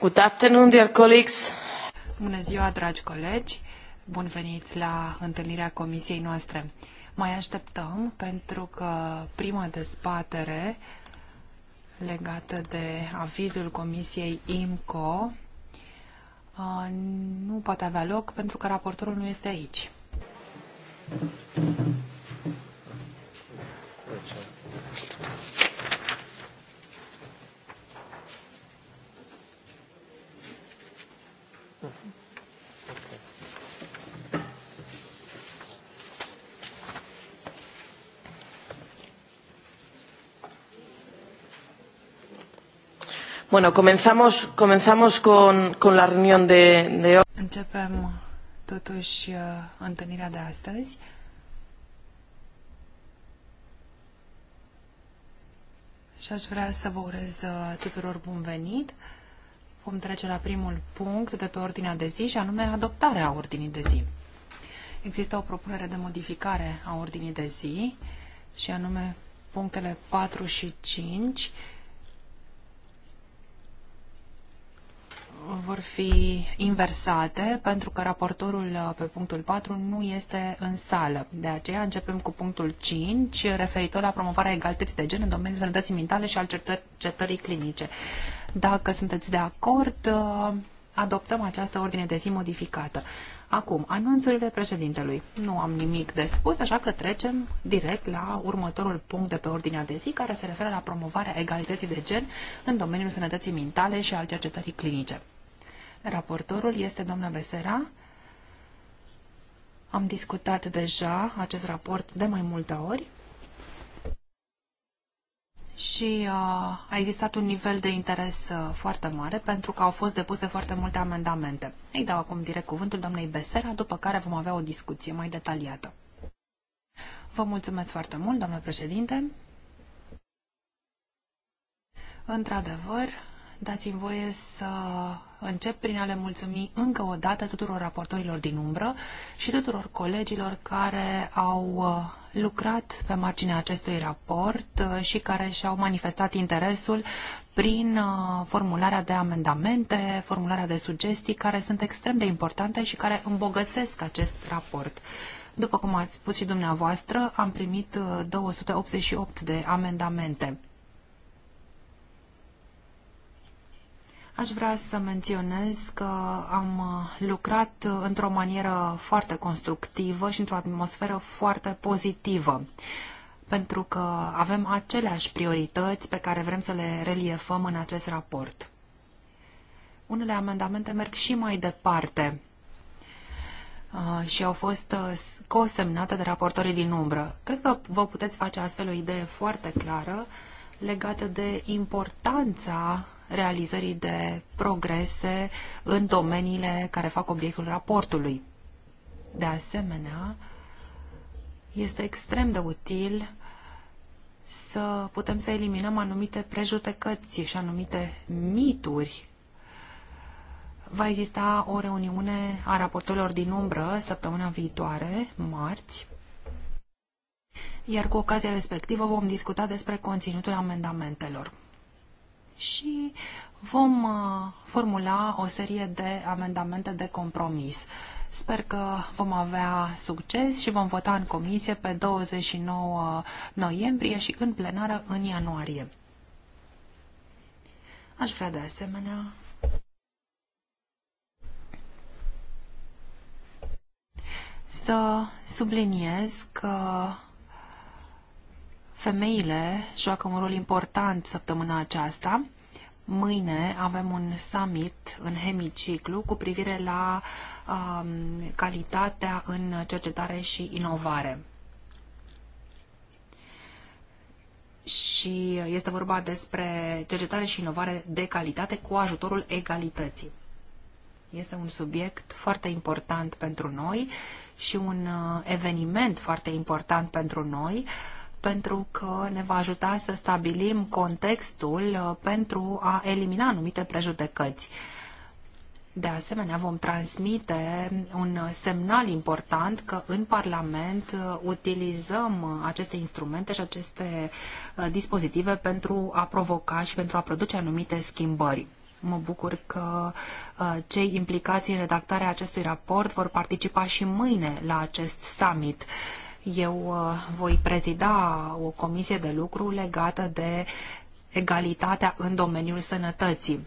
Good afternoon, dear colleagues. Bună ziua, dragi colegi. Bun venit la întâlnirea comisiei noastre. Mai așteptăm pentru că prima dezbatere legată de avizul comisiei IMCO uh, nu poate avea loc pentru că raportorul nu este aici. Bueno, comenzamos, comenzamos con, con la reunión de, de... Începem totuși uh, întâlnirea de astăzi. Și aș vrea să vă urez uh, tuturor bun venit. Vom trece la primul punct de pe ordinea de zi și anume adoptarea ordinii de zi. Există o propunere de modificare a ordinii de zi și anume punctele 4 și 5 vor fi inversate pentru că raportorul uh, pe punctul 4 nu este în sală. De aceea începem cu punctul 5 referitor la promovarea egalității de gen în domeniul sănătății mentale și al cercetării clinice. Dacă sunteți de acord, uh, adoptăm această ordine de zi modificată. Acum, anunțurile președintelui. Nu am nimic de spus, așa că trecem direct la următorul punct de pe ordinea de zi, care se referă la promovarea egalității de gen în domeniul sănătății mentale și al cercetării clinice. Raportorul este doamna Besera. Am discutat deja acest raport de mai multe ori și uh, a existat un nivel de interes uh, foarte mare pentru că au fost depuse foarte multe amendamente. Îi dau acum direct cuvântul doamnei Besera, după care vom avea o discuție mai detaliată. Vă mulțumesc foarte mult, doamnă președinte. Într-adevăr, dați-mi voie să încep prin a le mulțumi încă o dată tuturor raportorilor din umbră și tuturor colegilor care au uh, lucrat pe marginea acestui raport uh, și care și-au manifestat interesul prin uh, formularea de amendamente, formularea de sugestii care sunt extrem de importante și care îmbogățesc acest raport. După cum ați spus și dumneavoastră, am primit 288 de amendamente. Aș vrea să menționez că am uh, lucrat uh, într-o manieră foarte constructivă și într-o atmosferă foarte pozitivă pentru că avem aceleași priorități pe care vrem să le reliefăm în acest raport. Unele amendamente merg și mai departe uh, și au fost cosemnate de raportorii din umbră. Cred că vă puteți face astfel o idee foarte clară legată de importanța realizării de progrese în domeniile care fac obiectul raportului. De asemenea, este extrem de util să putem să eliminăm anumite prejudecăți și anumite mituri. Va exista o reuniune a raportorilor din umbră săptămâna viitoare, marți, iar cu ocazia respectivă vom discuta despre conținutul amendamentelor și vom uh, formula o serie de amendamente de compromis. Sper că vom avea succes și vom vota în comisie pe 29 noiembrie și în plenară în ianuarie. Aș vrea de asemenea să subliniez că femeile joacă un rol important săptămâna aceasta Mâine avem un summit în hemiciclu cu privire la um, calitatea în cercetare și inovare. Și este vorba despre cercetare și inovare de calitate cu ajutorul egalității. Este un subiect foarte important pentru noi și un uh, eveniment foarte important pentru noi uh, pentru că ne va ajuta să stabilim contextul uh, pentru a elimina anumite prejudecăți. De asemenea, vom transmite un semnal important că în Parlament uh, utilizăm aceste instrumente și aceste uh, dispozitive pentru a provoca și pentru a produce anumite schimbări. Mă bucur că cei implicați în redactarea acestui raport vor participa și mâine la acest summit eu uh, voi prezida o comisie de lucru legată de egalitatea în domeniul sănătății.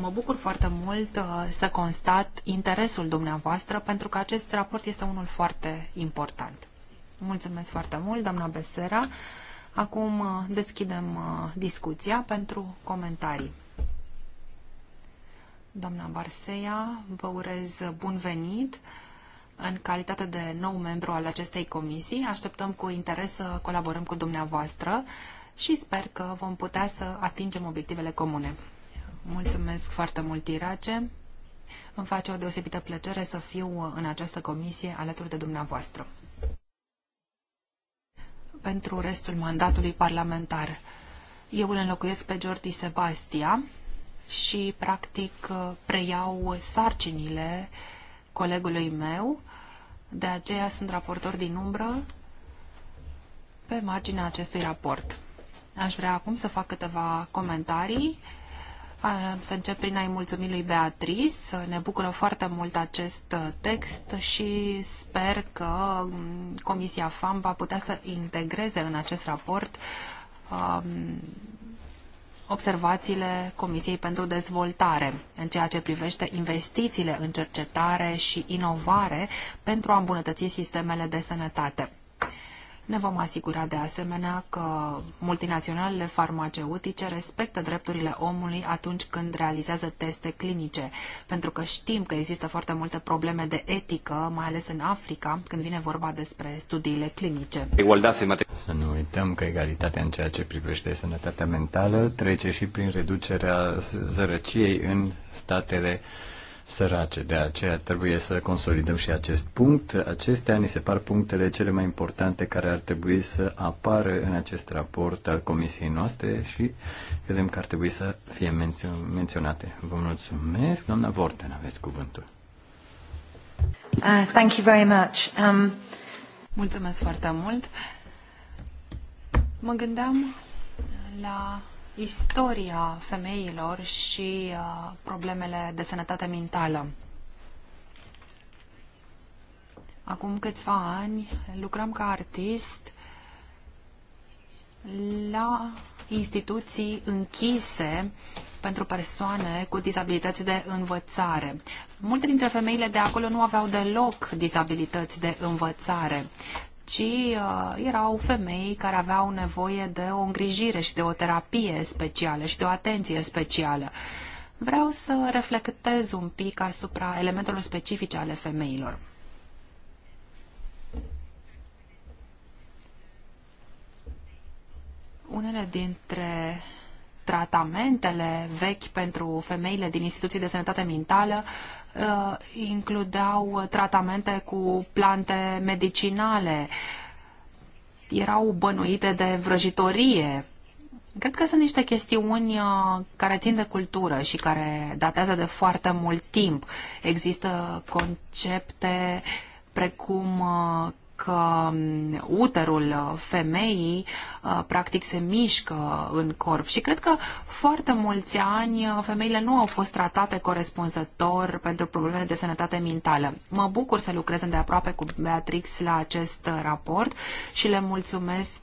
Mă bucur foarte mult uh, să constat interesul dumneavoastră pentru că acest raport este unul foarte important. Mulțumesc foarte mult, doamna Besera. Acum uh, deschidem discuția pentru comentarii. Doamna Barseia, vă urez bun venit în calitate de nou membru al acestei comisii. Așteptăm cu interes să colaborăm cu dumneavoastră și sper că vom putea să atingem obiectivele comune. Mulțumesc foarte mult, Irace. Îmi face o deosebită plăcere să fiu în această comisie alături de dumneavoastră. Pentru restul mandatului parlamentar, eu îl înlocuiesc pe Jordi Sebastia și, practic, preiau sarcinile uh, colegului meu, de aceea sunt raportor din umbră pe marginea acestui raport. Aș vrea acum să fac câteva comentarii. Să încep prin a-i mulțumi lui Beatriz. Ne bucură foarte mult acest uh, text și sper că um, Comisia FAM va putea să integreze în acest raport um, observațiile Comisiei pentru Dezvoltare în ceea ce privește investițiile în cercetare și inovare pentru a îmbunătăți sistemele de sănătate. Ne vom asigura de asemenea că multinaționalele farmaceutice respectă drepturile omului atunci când realizează teste clinice, pentru că știm că există foarte multe probleme de etică, mai ales în Africa, când vine vorba despre studiile clinice. Să nu uităm că egalitatea în ceea ce privește sănătatea mentală trece și prin reducerea zărăciei în statele sărace. De aceea trebuie să consolidăm și acest punct. Acestea ni se par punctele cele mai importante care ar trebui să apară în acest raport al comisiei noastre și credem că ar trebui să fie mențio- menționate. Vă mulțumesc. Doamna Vorten, aveți cuvântul. Uh, thank you very much. Um... Mulțumesc foarte mult. Mă gândeam la istoria femeilor și uh, problemele de sănătate mentală. Acum câțiva ani lucram ca artist la instituții închise pentru persoane cu dizabilități de învățare. Multe dintre femeile de acolo nu aveau deloc dizabilități de învățare ci uh, erau femei care aveau nevoie de o îngrijire și de o terapie specială și de o atenție specială. Vreau să reflectez un pic asupra elementelor specifice ale femeilor. Unele dintre tratamentele vechi pentru femeile din instituții de sănătate mentală uh, includeau tratamente cu plante medicinale, erau bănuite de vrăjitorie. Cred că sunt niște chestiuni uh, care țin de cultură și care datează de foarte mult timp. Există concepte precum uh, că mm, uterul uh, femeii uh, practic se mișcă în corp și cred că foarte mulți ani uh, femeile nu au fost tratate corespunzător pentru problemele de sănătate mentală. Mă bucur să lucrez de aproape cu Beatrix la acest raport și le mulțumesc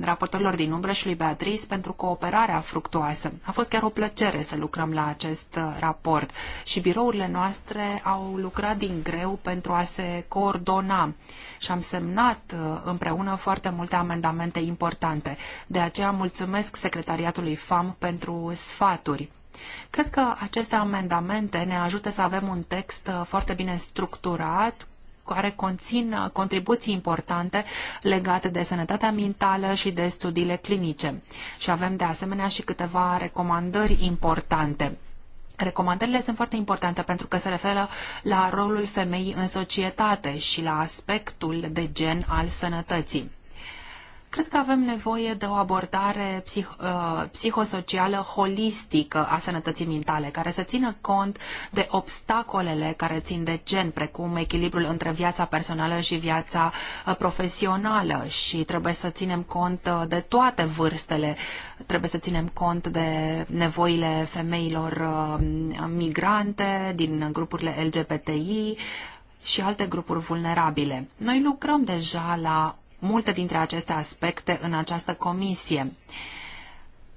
raportorilor din umbră și lui Beatrix pentru cooperarea fructuoasă. A fost chiar o plăcere să lucrăm la acest raport și birourile noastre au lucrat din greu pentru a se coordona și am să semnat uh, împreună foarte multe amendamente importante. De aceea mulțumesc secretariatului FAM pentru sfaturi. Cred că aceste amendamente ne ajută să avem un text uh, foarte bine structurat, care conțin uh, contribuții importante legate de sănătatea mentală și de studiile clinice. Și avem de asemenea și câteva recomandări importante. Recomandările sunt foarte importante pentru că se referă la rolul femeii în societate și la aspectul de gen al sănătății. Cred că avem nevoie de o abordare psih- uh, psihosocială holistică a sănătății mentale, care să țină cont de obstacolele care țin de gen, precum echilibrul între viața personală și viața uh, profesională și trebuie să ținem cont uh, de toate vârstele, trebuie să ținem cont de nevoile femeilor migrante din grupurile LGBTI, și alte grupuri vulnerabile. Noi lucrăm deja la multe dintre aceste aspecte în această comisie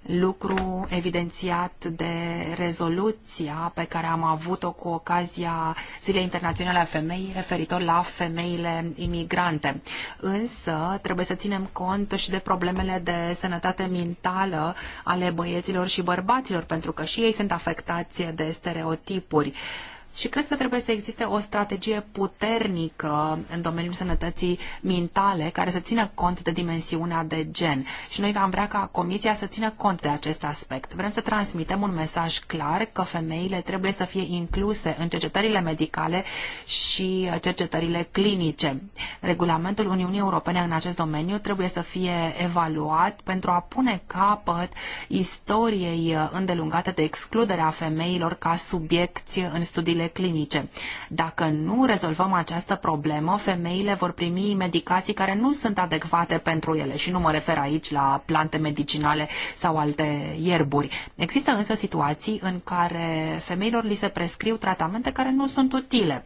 lucru evidențiat de rezoluția pe care am avut-o cu ocazia Zilei Internaționale a Femeii referitor la femeile imigrante. Însă trebuie să ținem cont și de problemele de sănătate mentală ale băieților și bărbaților, pentru că și ei sunt afectați de stereotipuri. Și cred că trebuie să existe o strategie puternică în domeniul sănătății mintale care să țină cont de dimensiunea de gen. Și noi am vrea ca Comisia să țină cont de acest aspect. Vrem să transmitem un mesaj clar că femeile trebuie să fie incluse în cercetările medicale și cercetările clinice. Regulamentul Uniunii Europene în acest domeniu trebuie să fie evaluat pentru a pune capăt istoriei îndelungate de excluderea femeilor ca subiecti în studiile clinice. Dacă nu rezolvăm această problemă, femeile vor primi medicații care nu sunt adecvate pentru ele și nu mă refer aici la plante medicinale sau alte ierburi. Există însă situații în care femeilor li se prescriu tratamente care nu sunt utile.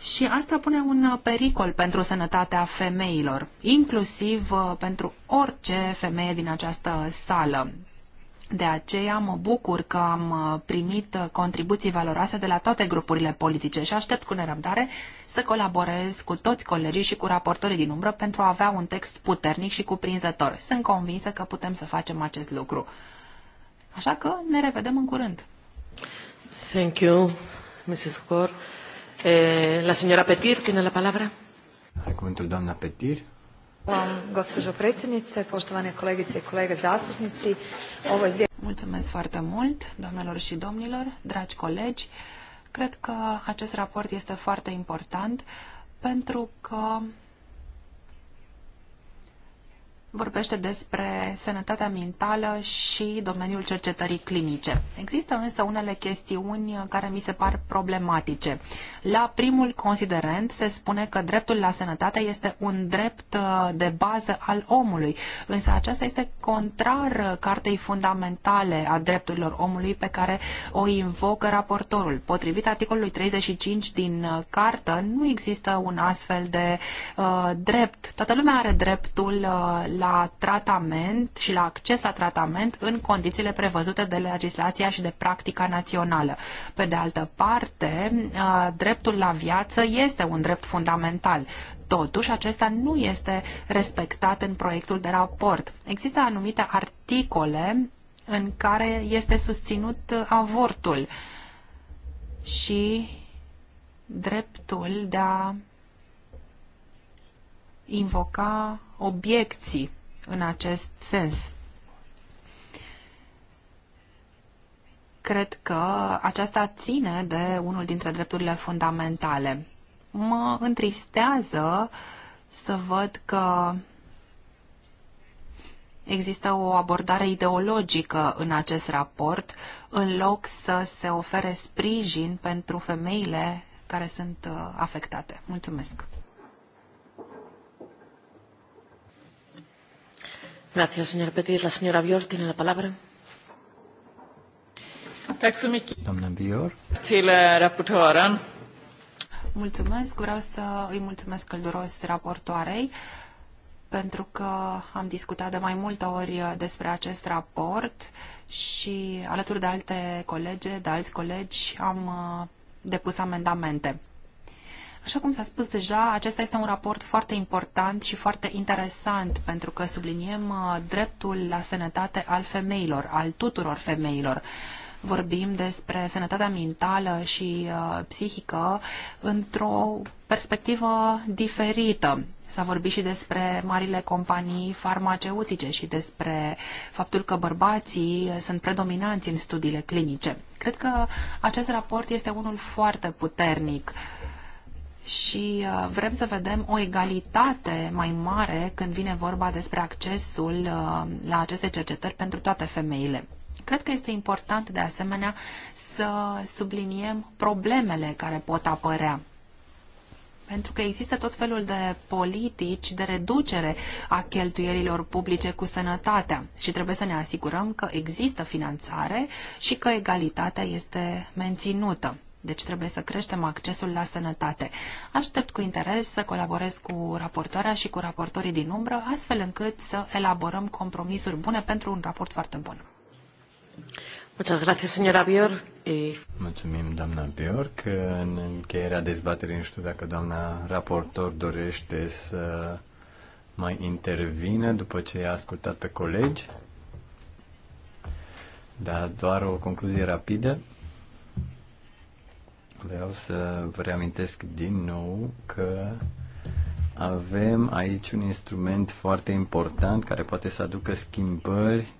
Și asta pune un pericol pentru sănătatea femeilor, inclusiv uh, pentru orice femeie din această sală. De aceea mă bucur că am uh, primit uh, contribuții valoroase de la toate grupurile politice și aștept cu nerăbdare să colaborez cu toți colegii și cu raportorii din umbră pentru a avea un text puternic și cuprinzător. Sunt convinsă că putem să facem acest lucru. Așa că ne revedem în curând. Thank you, Mrs. Cor. Eh, la signora Petir tiene la palabra. Are cuvântul doamna Petir. Gospođo poštovane kolegice i kolege zastupnici, ovo Mulțumesc foarte mult, doamnelor și domnilor, dragi colegi. Cred că acest raport este foarte important pentru că vorbește despre sănătatea mentală și domeniul cercetării clinice. Există însă unele chestiuni care mi se par problematice. La primul considerent se spune că dreptul la sănătate este un drept uh, de bază al omului, însă aceasta este contrar cartei fundamentale a drepturilor omului pe care o invocă raportorul. Potrivit articolului 35 din uh, cartă, nu există un astfel de uh, drept. Toată lumea are dreptul uh, la tratament și la acces la tratament în condițiile prevăzute de legislația și de practica națională. Pe de altă parte, uh, dreptul la viață este un drept fundamental. Totuși, acesta nu este respectat în proiectul de raport. Există anumite articole în care este susținut uh, avortul și dreptul de a invoca obiecții în acest sens. Cred că aceasta ține de unul dintre drepturile fundamentale. Mă întristează să văd că Există o abordare ideologică în acest raport, în loc să se ofere sprijin pentru femeile care sunt uh, afectate. Mulțumesc! Gracias, señor La señora Bior tiene la palabra. Eh, mulțumesc. Vreau să îi mulțumesc călduros raportoarei pentru că am discutat de mai multe ori despre acest raport și alături de alte colege, de alți colegi, am eh, depus amendamente. Așa cum s-a spus deja, acesta este un raport foarte important și foarte interesant pentru că subliniem uh, dreptul la sănătate al femeilor, al tuturor femeilor vorbim despre sănătatea mentală și uh, psihică într-o perspectivă diferită. S-a vorbit și despre marile companii farmaceutice și despre faptul că bărbații sunt predominanți în studiile clinice. Cred că acest raport este unul foarte puternic. Uh, și uh, vrem să vedem o egalitate mai mare când vine vorba despre accesul uh, la aceste cercetări pentru toate femeile. Cred că este important de asemenea să subliniem problemele care pot apărea pentru că există tot felul de politici de reducere a cheltuielilor publice cu sănătatea și trebuie să ne asigurăm că există finanțare și că egalitatea este menținută. Deci trebuie să creștem accesul la sănătate. Aștept cu interes să colaborez cu raportoarea și cu raportorii din umbră, astfel încât să elaborăm compromisuri bune pentru un raport foarte bun. Mulțumim, doamna Bjork. În încheierea dezbaterii, nu știu dacă doamna raportor dorește să mai intervine după ce a ascultat pe colegi. Dar doar o concluzie rapidă. Vreau să vă reamintesc din nou că avem aici un instrument foarte important care poate să aducă schimbări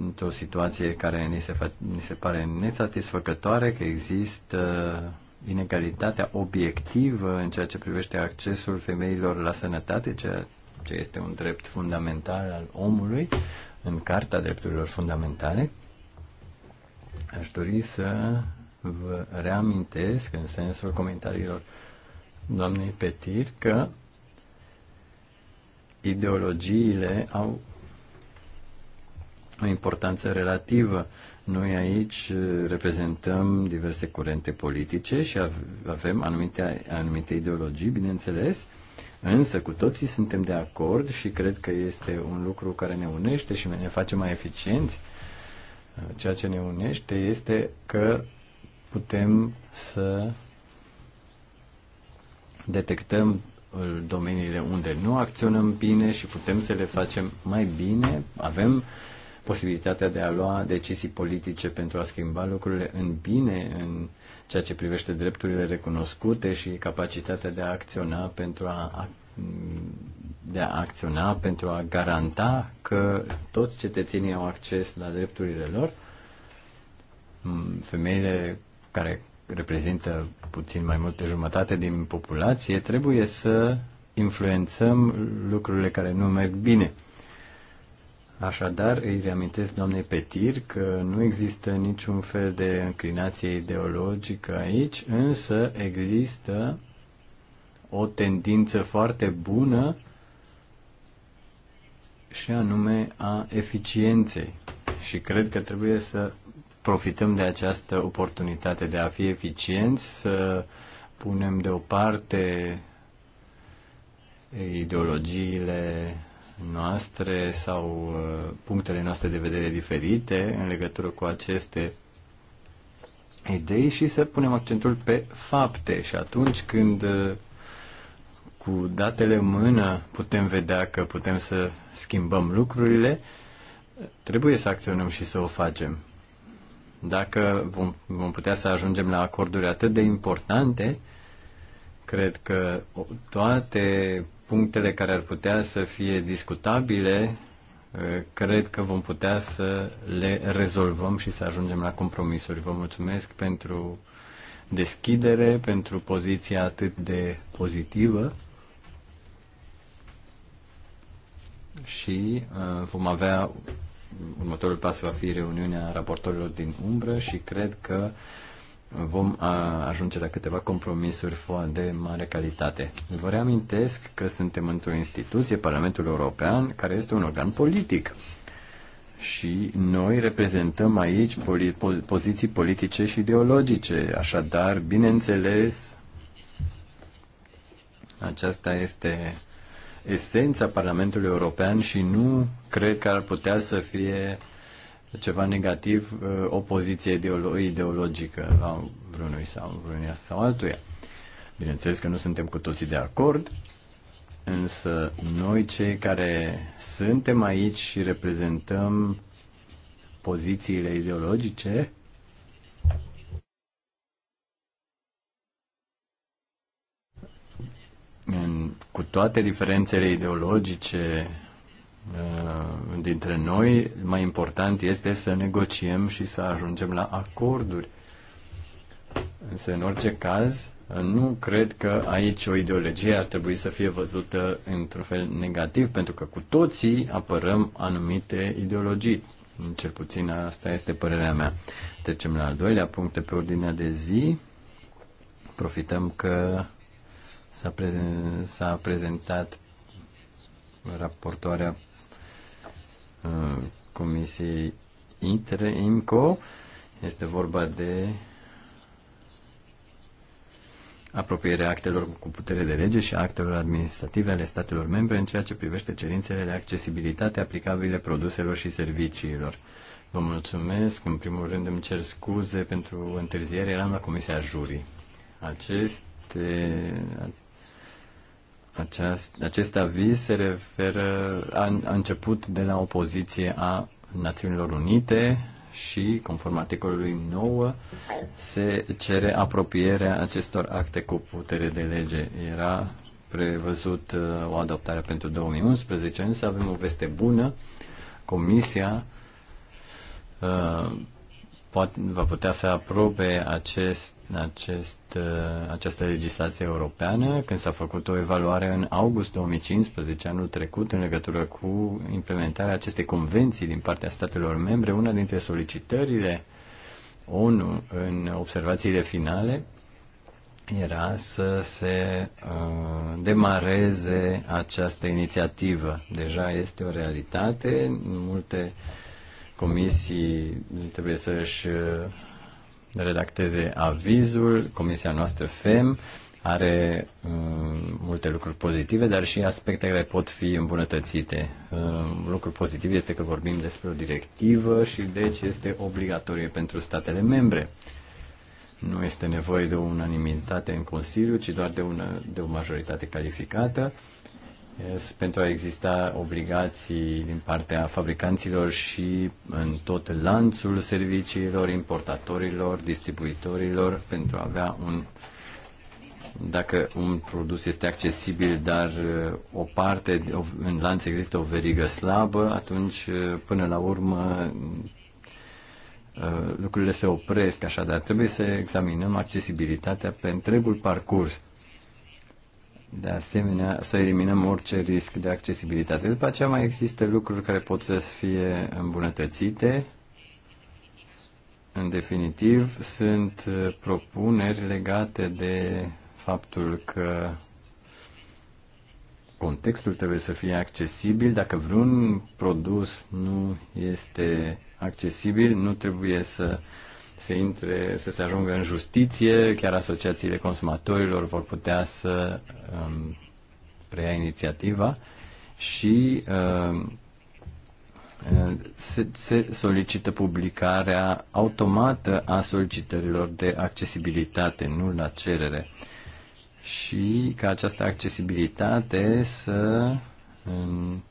într-o situație care ni se, ni se pare nesatisfăcătoare, că există inegalitatea obiectivă în ceea ce privește accesul femeilor la sănătate, ceea ce este un drept fundamental al omului în Carta Drepturilor Fundamentale. Aș dori să Vă reamintesc, în sensul comentariilor doamnei Petir, că ideologiile au o importanță relativă. Noi aici reprezentăm diverse curente politice și avem anumite, anumite ideologii, bineînțeles, însă cu toții suntem de acord și cred că este un lucru care ne unește și ne face mai eficienți. Ceea ce ne unește este că putem să detectăm uh, domeniile unde nu acționăm bine și putem să le facem mai bine. Avem posibilitatea de a lua decizii politice pentru a schimba lucrurile în bine în ceea ce privește drepturile recunoscute și capacitatea de a acționa pentru a de a acționa pentru a garanta că toți cetățenii au acces la drepturile lor. Mm, femeile care reprezintă puțin mai mult de jumătate din populație, trebuie să influențăm lucrurile care nu merg bine. Așadar, îi reamintesc doamnei Petir că nu există niciun fel de înclinație ideologică aici, însă există o tendință foarte bună și anume a eficienței. Și cred că trebuie să profităm de această oportunitate de a fi eficienți, să punem deoparte ideologiile noastre sau uh, punctele noastre de vedere diferite în legătură cu aceste idei și să punem accentul pe fapte. Și atunci când uh, cu datele în mână putem vedea că putem să schimbăm lucrurile, trebuie să acționăm și să o facem. Dacă vom, vom putea să ajungem la acorduri atât de importante, cred că toate punctele care ar putea să fie discutabile, uh, cred că vom putea să le rezolvăm și să ajungem la compromisuri. Vă mulțumesc pentru deschidere, pentru poziția atât de pozitivă și uh, vom avea următorul pas va fi reuniunea raportorilor din umbră și cred că vom ajunge la câteva compromisuri de mare calitate. Vă reamintesc că suntem într-o instituție, Parlamentul European, care este un organ politic. Și noi reprezentăm aici poziții politice și ideologice. Așadar, bineînțeles, aceasta este esența Parlamentului European și nu cred că ar putea să fie ceva negativ uh, o poziție ideolo- ideologică la vreunui sau vreunia sau altuia. Bineînțeles că nu suntem cu toții de acord, însă noi cei care suntem aici și reprezentăm pozițiile ideologice, toate diferențele ideologice uh, dintre noi, mai important este să negociem și să ajungem la acorduri. Însă, în orice caz, nu cred că aici o ideologie ar trebui să fie văzută într-un fel negativ, pentru că cu toții apărăm anumite ideologii. Cel puțin asta este părerea mea. Trecem la al doilea punct pe ordinea de zi. Profităm că S-a, prezen, s-a prezentat raportoarea uh, Comisiei inter IMCO. Este vorba de apropierea actelor cu putere de lege și actelor administrative ale statelor membre în ceea ce privește cerințele de accesibilitate aplicabile produselor și serviciilor. Vă mulțumesc. În primul rând îmi cer scuze pentru întârziere. Eram la Comisia Jurii. Acest este aceast, acest aviz se referă, a, a început de la o poziție a Națiunilor Unite și, conform articolului 9, se cere apropierea acestor acte cu putere de lege. Era prevăzut uh, o adoptare pentru 2011, însă avem o veste bună. Comisia uh, poate, va putea să aprobe acest, acest, uh, această legislație europeană când s-a făcut o evaluare în august 2015, anul trecut, în legătură cu implementarea acestei convenții din partea statelor membre. Una dintre solicitările ONU în observațiile finale era să se uh, demareze această inițiativă. Deja este o realitate, multe uh, comisii trebuie să-și uh, redacteze avizul, comisia noastră FEM are uh, multe lucruri pozitive, dar și aspecte care pot fi îmbunătățite. Uh, lucrul pozitiv este că vorbim despre o directivă și deci este obligatorie pentru statele membre. Nu este nevoie de o unanimitate în Consiliu, ci doar de, una, de o majoritate calificată. Uh, pentru a exista obligații din partea fabricanților și în tot lanțul serviciilor, importatorilor, distribuitorilor, pentru a avea un dacă un produs este accesibil, dar uh, o parte în lanț există o verigă slabă, atunci uh, până la urmă uh, lucrurile se opresc, așadar trebuie să examinăm accesibilitatea pe întregul parcurs de asemenea, să eliminăm orice risc de accesibilitate. După aceea mai există lucruri care pot să fie îmbunătățite. În definitiv, sunt propuneri legate de faptul că contextul trebuie să fie accesibil. Dacă vreun produs nu este accesibil, nu trebuie să uh, se intre, să se ajungă în justiție, chiar asociațiile consumatorilor vor putea să um, preia inițiativa și um, uh, se, se solicită publicarea automată a solicitărilor de accesibilitate, nu la cerere. Și ca această accesibilitate să um,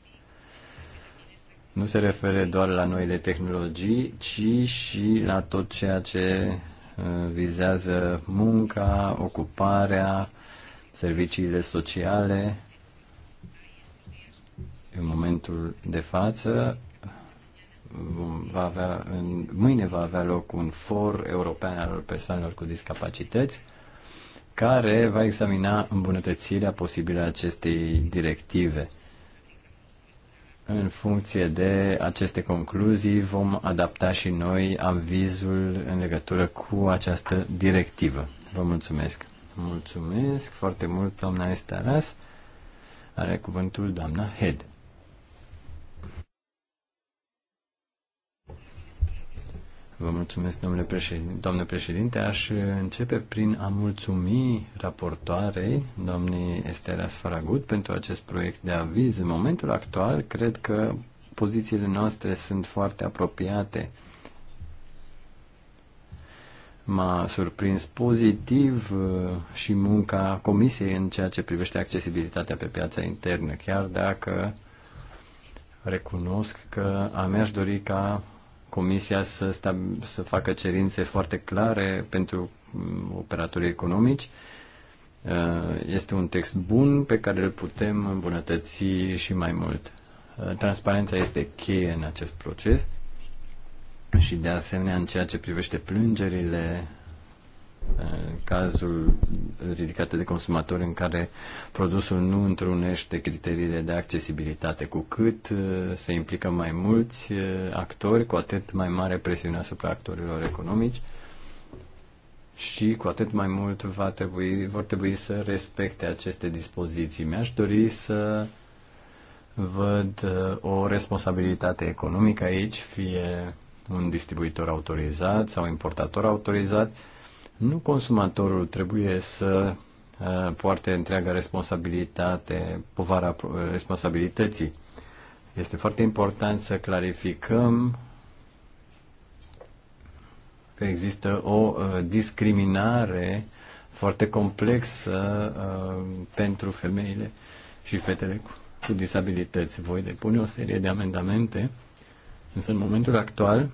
nu se refere doar la noile tehnologii, ci și la tot ceea ce uh, vizează munca, ocuparea, serviciile sociale. În momentul de față, va avea, în, mâine va avea loc un for european al persoanelor cu discapacități care va examina îmbunătățirea posibilă a acestei directive în funcție de aceste concluzii vom adapta și noi avizul în legătură cu această directivă. Vă mulțumesc! Mulțumesc foarte mult, doamna Estaras. Are cuvântul doamna Head. Vă mulțumesc, domnule președinte. Doamne președinte, aș începe prin a mulțumi raportoarei, doamnei Estera Sfaragut, pentru acest proiect de aviz. În momentul actual, cred că pozițiile noastre sunt foarte apropiate. M-a surprins pozitiv uh, și munca Comisiei în ceea ce privește accesibilitatea pe piața internă, chiar dacă recunosc că a mi-aș dori ca Comisia să, stab- să facă cerințe foarte clare pentru mm, operatorii economici. Uh, este un text bun pe care îl putem îmbunătăți și mai mult. Uh, transparența este cheie în acest proces și de asemenea în ceea ce privește plângerile cazul ridicate de consumatori în care produsul nu întrunește criteriile de accesibilitate. Cu cât uh, se implică mai mulți uh, actori, cu atât mai mare presiune asupra actorilor economici și cu atât mai mult va trebui, vor trebui să respecte aceste dispoziții. Mi-aș dori să văd uh, o responsabilitate economică aici, fie un distribuitor autorizat sau importator autorizat, nu consumatorul trebuie să uh, poarte întreaga responsabilitate, povara responsabilității. Este foarte important să clarificăm că există o uh, discriminare foarte complexă uh, pentru femeile și fetele cu disabilități. Voi depune o serie de amendamente, însă în momentul actual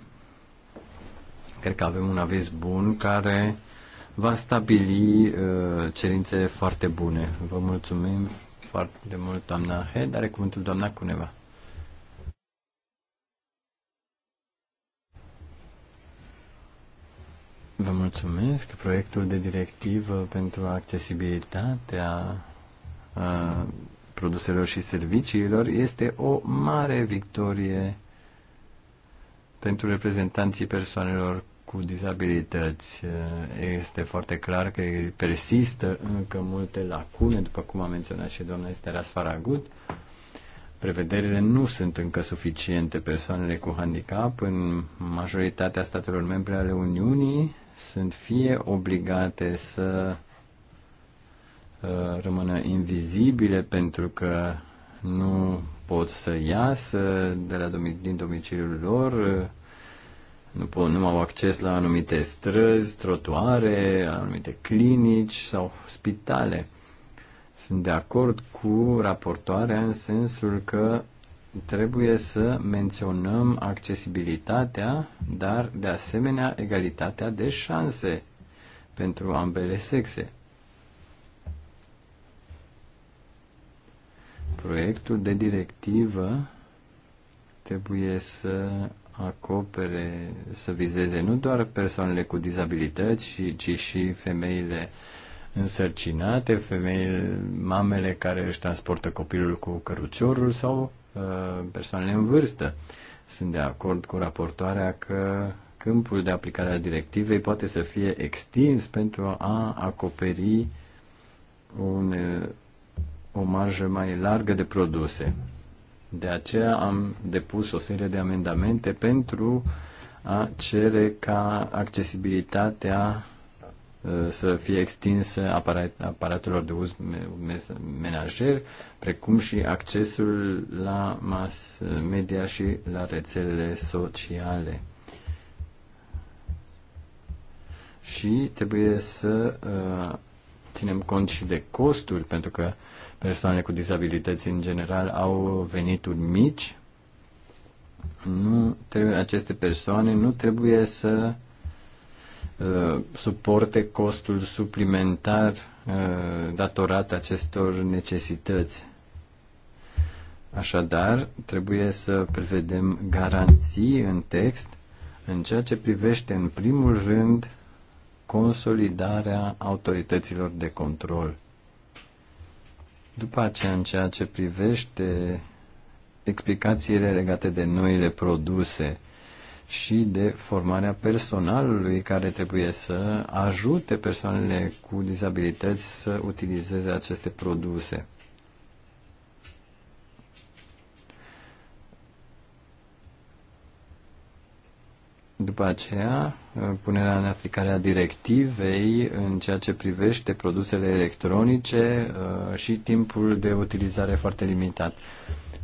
cred că avem un aviz bun care va stabili uh, cerințe foarte bune. Vă mulțumim foarte mult, doamna Head. Are cuvântul doamna Cuneva. Vă mulțumesc. Proiectul de directivă pentru accesibilitatea uh, produselor și serviciilor este o mare victorie pentru reprezentanții persoanelor cu dizabilități. Eh, este foarte clar că persistă încă multe lacune, după cum a menționat și doamna Estera Sfaragut. Prevederile nu sunt încă suficiente. Persoanele cu handicap în majoritatea statelor membre ale Uniunii sunt fie obligate să eh, rămână invizibile pentru că nu pot să iasă de la domic- din domiciliul lor, eh, nu, pot, nu au acces la anumite străzi, trotuare, anumite clinici sau spitale. Sunt de acord cu raportoarea în sensul că trebuie să menționăm accesibilitatea, dar de asemenea egalitatea de șanse pentru ambele sexe. Proiectul de directivă trebuie să acopere, să vizeze nu doar persoanele cu dizabilități, ci și femeile însărcinate, femeile, mamele care își transportă copilul cu căruciorul sau uh, persoanele în vârstă. Sunt de acord cu raportoarea că câmpul de aplicare a directivei poate să fie extins pentru a acoperi un, uh, o marjă mai largă de produse. De aceea am depus o serie de amendamente pentru a cere ca accesibilitatea uh, să fie extinsă aparatelor de uz menajer, precum și accesul la mass media și la rețelele sociale. Și trebuie să uh, ținem cont și de costuri, pentru că persoanele cu dizabilități în general au venituri mici, nu trebuie, aceste persoane nu trebuie să uh, suporte costul suplimentar uh, datorat acestor necesități. Așadar, trebuie să prevedem garanții în text în ceea ce privește, în primul rând, consolidarea autorităților de control. După aceea, în ceea ce privește explicațiile legate de noile produse și de formarea personalului care trebuie să ajute persoanele cu dizabilități să utilizeze aceste produse. După aceea, punerea în aplicare a directivei în ceea ce privește produsele electronice uh, și timpul de utilizare foarte limitat.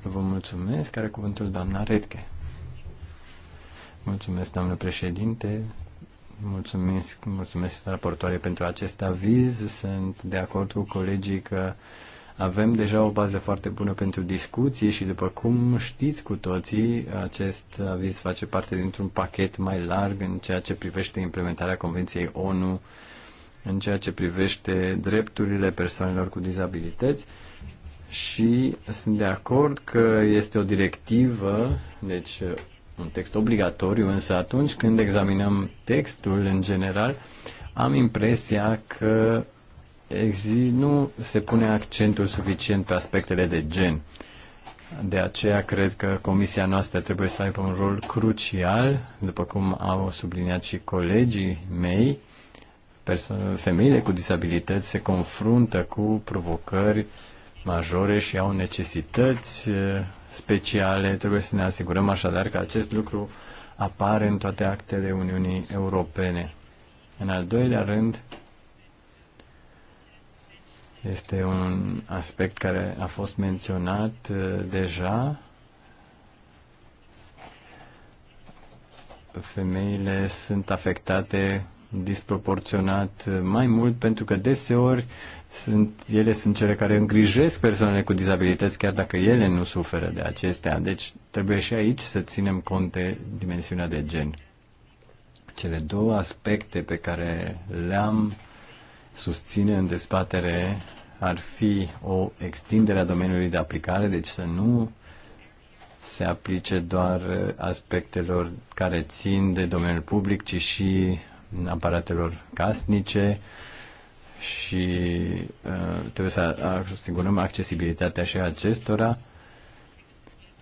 Vă mulțumesc. care cuvântul doamna Redke. Mulțumesc, doamnă președinte. Mulțumesc, mulțumesc raportoare pentru acest aviz. Sunt de acord cu colegii că avem deja o bază foarte bună pentru discuții și, după cum știți cu toții, acest aviz face parte dintr-un pachet mai larg în ceea ce privește implementarea Convenției ONU, în ceea ce privește drepturile persoanelor cu dizabilități și sunt de acord că este o directivă, deci un text obligatoriu, însă atunci când examinăm textul în general, am impresia că nu se pune accentul suficient pe aspectele de gen. De aceea cred că comisia noastră trebuie să aibă un rol crucial, după cum au subliniat și colegii mei. femeile cu disabilități se confruntă cu provocări majore și au necesități eh, speciale. Trebuie să ne asigurăm așadar că acest lucru apare în toate actele Uniunii Europene. În al doilea rând, este un aspect care a fost menționat uh, deja. Femeile sunt afectate disproporționat uh, mai mult pentru că deseori sunt, ele sunt cele care îngrijesc persoanele cu dizabilități chiar dacă ele nu suferă de acestea. Deci trebuie și aici să ținem cont de dimensiunea de gen. Cele două aspecte pe care le-am susține în dezbatere ar fi o extindere a domeniului de aplicare, deci să nu se aplice doar aspectelor care țin de domeniul public, ci și aparatelor casnice și uh, trebuie să asigurăm accesibilitatea și acestora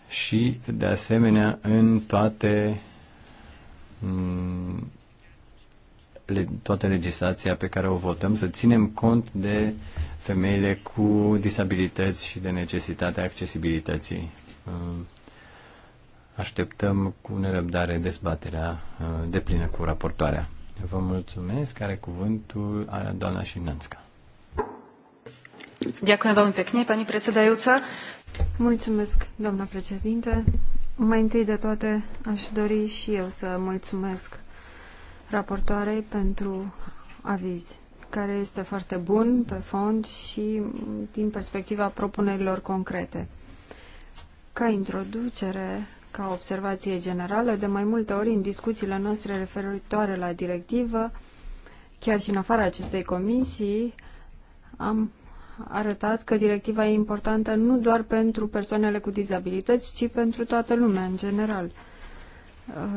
și, de asemenea, în toate mm, toată legislația pe care o votăm, să ținem cont de femeile cu disabilități și de necesitatea accesibilității. Uh, așteptăm cu nerăbdare dezbaterea uh, de plină cu raportoarea. Vă mulțumesc. Are cuvântul doamna Șinanțca. Ďakujem veľmi pekne, pani predsedajúca. Mulțumesc, doamna președinte. Mai întâi de toate, aș dori și eu să mulțumesc raportoarei pentru aviz, care este foarte bun pe fond și din perspectiva propunerilor concrete. Ca introducere, ca observație generală, de mai multe ori în discuțiile noastre referitoare la directivă, chiar și în afara acestei comisii, am arătat că directiva e importantă nu doar pentru persoanele cu dizabilități, ci pentru toată lumea în general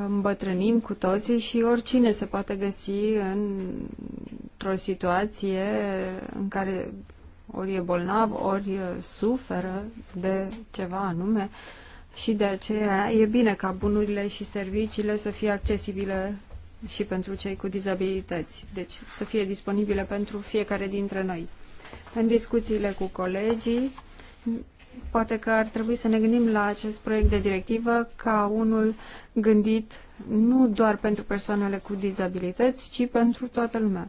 îmbătrânim cu toții și oricine se poate găsi într-o situație în care ori e bolnav, ori uh, suferă de ceva anume și de aceea e bine ca bunurile și serviciile să fie accesibile și pentru cei cu dizabilități, deci să fie disponibile pentru fiecare dintre noi. În discuțiile cu colegii Poate că ar trebui să ne gândim la acest proiect de directivă ca unul gândit nu doar pentru persoanele cu dizabilități, ci pentru toată lumea.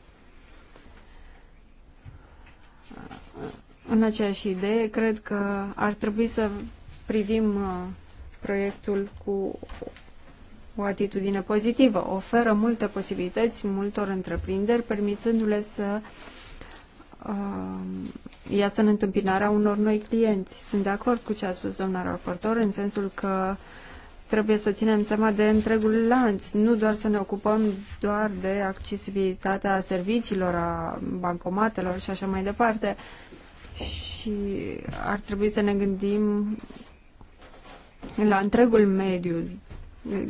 În aceeași idee, cred că ar trebui să privim uh, proiectul cu o atitudine pozitivă. Oferă multe posibilități multor întreprinderi, permițându-le să uh, uh, um, iasă în întâmpinarea unor noi clienți. Sunt de acord cu ce a spus doamna raportor, în sensul că trebuie să ținem seama de întregul lanț, nu doar să ne ocupăm doar de accesibilitatea serviciilor, a bancomatelor și așa mai departe. Și ar trebui să ne gândim la întregul mediu.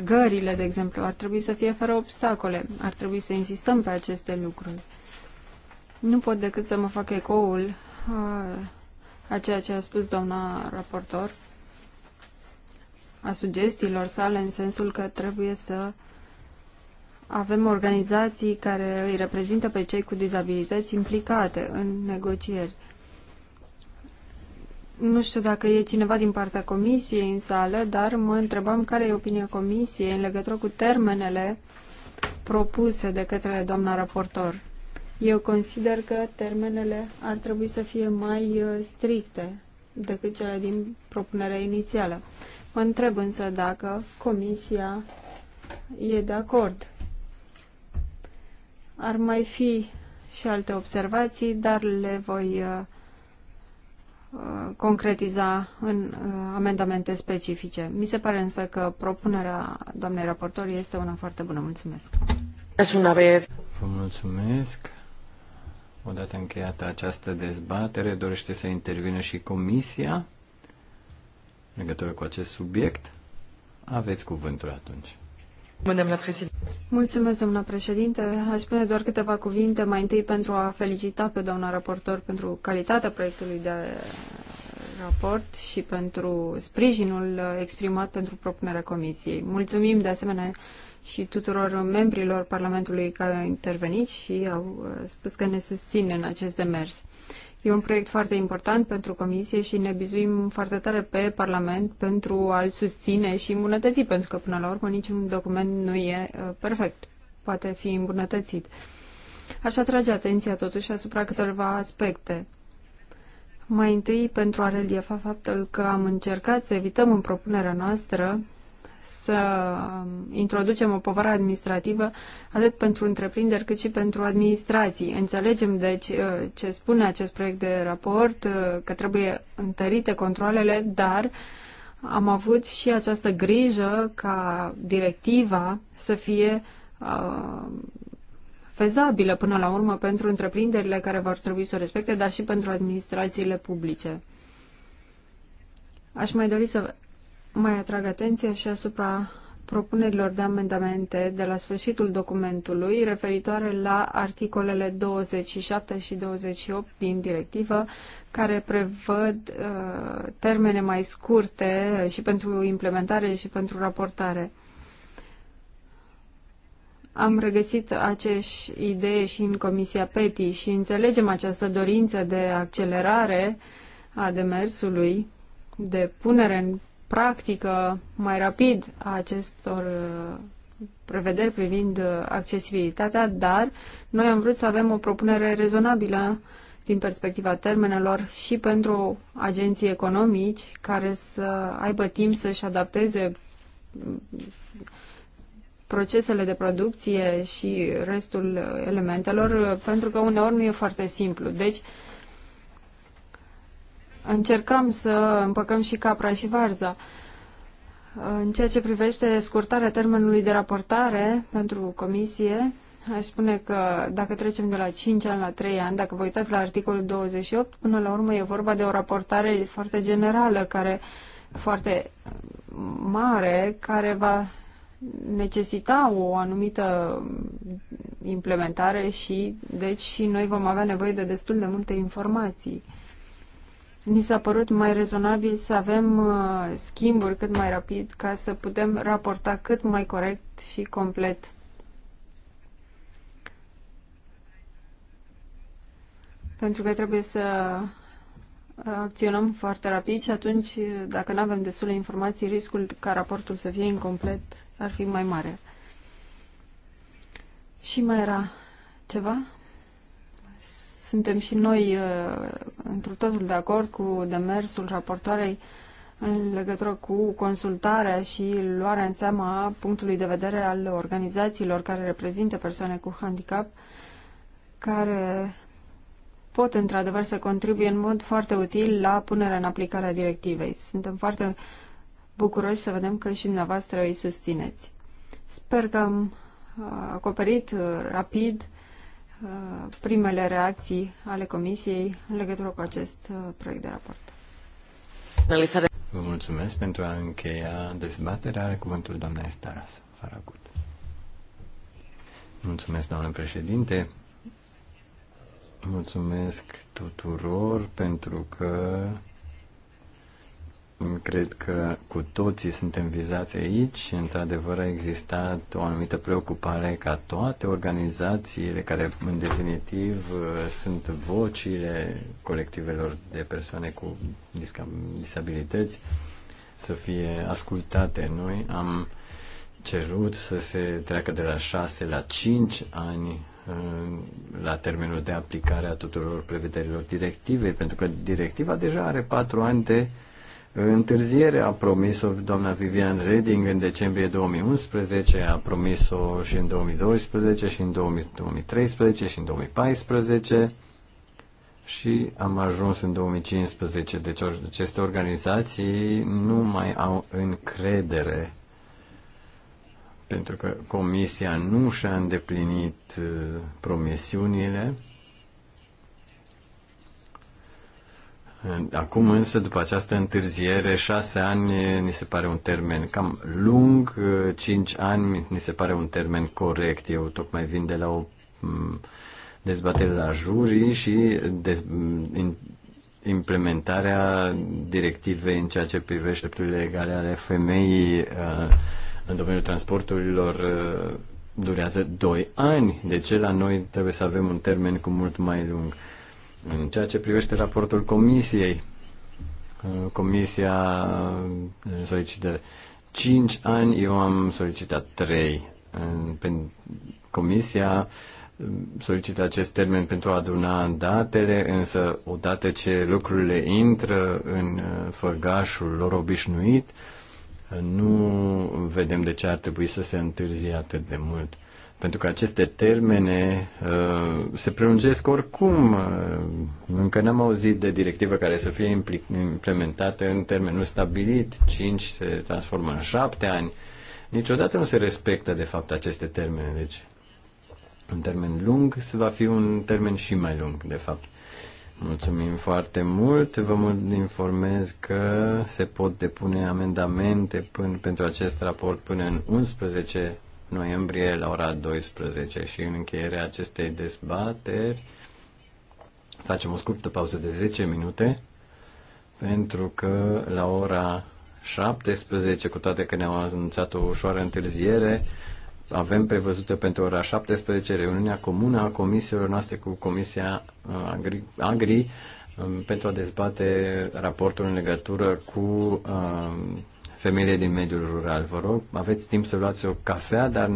Gările, de exemplu, ar trebui să fie fără obstacole. Ar trebui să insistăm pe aceste lucruri. Nu pot decât să mă fac ecoul a ceea ce a spus doamna raportor, a sugestiilor sale, în sensul că trebuie să avem organizații care îi reprezintă pe cei cu dizabilități implicate în negocieri. Nu știu dacă e cineva din partea comisiei în sală, dar mă întrebam care e opinia comisiei în legătură cu termenele propuse de către doamna raportor. Eu consider că termenele ar trebui să fie mai uh, stricte decât cele din propunerea inițială. Mă întreb însă dacă Comisia e de acord. Ar mai fi și alte observații, dar le voi uh, uh, concretiza în amendamente specifice. Mi se pare însă că propunerea doamnei raportor este una foarte bună. Mulțumesc! Vă mulțumesc! Odată încheiată această dezbatere, dorește să intervină și Comisia în legătură cu acest subiect. Aveți cuvântul atunci. Mulțumesc, doamna președinte. Aș spune doar câteva cuvinte mai întâi pentru a felicita pe doamna raportor pentru calitatea proiectului de raport și pentru sprijinul uh, exprimat pentru propunerea Comisiei. Mulțumim de asemenea și tuturor membrilor Parlamentului care au intervenit și au uh, spus că ne susțin în acest demers. E un proiect foarte important pentru Comisie și ne bizuim foarte tare pe Parlament pentru a-l susține și îmbunătăți, pentru că până la urmă niciun document nu e uh, perfect, poate fi îmbunătățit. Aș atrage atenția totuși asupra câteva aspecte. Mai întâi, pentru a reliefa faptul că am încercat să evităm în propunerea noastră să um, introducem o povară administrativă atât pentru întreprinderi cât și pentru administrații. Înțelegem, deci, uh, ce spune acest proiect de raport, uh, că trebuie întărite controlele, dar am avut și această grijă ca directiva să fie uh, fezabilă până la urmă pentru întreprinderile care vor trebui să o respecte, dar și pentru administrațiile publice. Aș mai dori să mai atrag atenția și asupra propunerilor de amendamente de la sfârșitul documentului referitoare la articolele 27 și 28 din directivă care prevăd uh, termene mai scurte și pentru implementare și pentru raportare am regăsit aceeași idee și în Comisia PETI și înțelegem această dorință de accelerare a demersului, de punere în practică mai rapid a acestor uh, prevederi privind uh, accesibilitatea, dar noi am vrut să avem o propunere rezonabilă din perspectiva termenelor și pentru agenții economici care să aibă timp să-și adapteze procesele de producție și restul elementelor, pentru că uneori nu e foarte simplu. Deci, încercăm să împăcăm și capra și varza. În ceea ce privește scurtarea termenului de raportare pentru comisie, aș spune că dacă trecem de la 5 ani la 3 ani, dacă vă uitați la articolul 28, până la urmă e vorba de o raportare foarte generală, care foarte mare, care va necesita o anumită implementare și deci și noi vom avea nevoie de destul de multe informații. Ni s-a părut mai rezonabil să avem uh, schimburi cât mai rapid ca să putem raporta cât mai corect și complet. Pentru că trebuie să acționăm foarte rapid și atunci, dacă nu avem destule informații, riscul ca raportul să fie incomplet ar fi mai mare. Și mai era ceva? Suntem și noi uh, într totul de acord cu demersul raportoarei în legătură cu consultarea și luarea în seama punctului de vedere al organizațiilor care reprezintă persoane cu handicap, care pot într-adevăr să contribuie în mod foarte util la punerea în aplicare a directivei. Suntem foarte bucuroși să vedem că și dumneavoastră îi susțineți. Sper că am uh, acoperit uh, rapid uh, primele reacții ale Comisiei în legătură cu acest proiect de raport. Vă mulțumesc pentru a încheia dezbaterea. Are cuvântul doamna Staras Faragut. Mulțumesc, doamnă președinte. Mulțumesc tuturor pentru că cred că cu toții suntem vizați aici. Într-adevăr a existat o anumită preocupare ca toate organizațiile care în definitiv sunt vocile colectivelor de persoane cu disabilități să fie ascultate. Noi am cerut să se treacă de la 6 la 5 ani la termenul de aplicare a tuturor prevederilor directivei, pentru că directiva deja are patru ani de întârziere. A promis-o doamna Vivian Reding în decembrie 2011, a promis-o și în 2012, și în 2013, și în 2014 și am ajuns în 2015. Deci aceste organizații nu mai au încredere pentru că Comisia nu și-a îndeplinit uh, promisiunile. Acum însă, după această întârziere, șase ani ni se pare un termen cam lung, uh, cinci ani ni se pare un termen corect. Eu tocmai vin de la o mm, dezbatere la jurii și dez, mm, implementarea directivei în ceea ce privește drepturile egale ale femeii uh, în domeniul transporturilor uh, durează 2 ani. De ce la noi trebuie să avem un termen cu mult mai lung? În ceea ce privește raportul comisiei, uh, comisia solicită 5 ani, eu am solicitat 3. Comisia uh, solicită acest termen pentru a aduna datele, însă odată ce lucrurile intră în făgașul lor obișnuit, uh, nu vedem de ce ar trebui să se întârzie atât de mult. Pentru că aceste termene uh, se prelungesc oricum. Uh, încă n-am auzit de directivă care să fie implementată în termenul stabilit. 5 se transformă în 7 ani. Niciodată nu se respectă, de fapt, aceste termene. Deci, un termen lung se va fi un termen și mai lung, de fapt. Mulțumim foarte mult. Vă informez că se pot depune amendamente până, pentru acest raport până în 11 noiembrie la ora 12 și în încheierea acestei dezbateri facem o scurtă pauză de 10 minute pentru că la ora 17, cu toate că ne-au anunțat o ușoară întârziere, avem prevăzute pentru ora 17 reuniunea comună a comisiilor noastre cu Comisia uh, Agri, Agri um, pentru a dezbate raportul în legătură cu um, femeile din mediul rural. Vă rog, aveți timp să luați o cafea, dar nu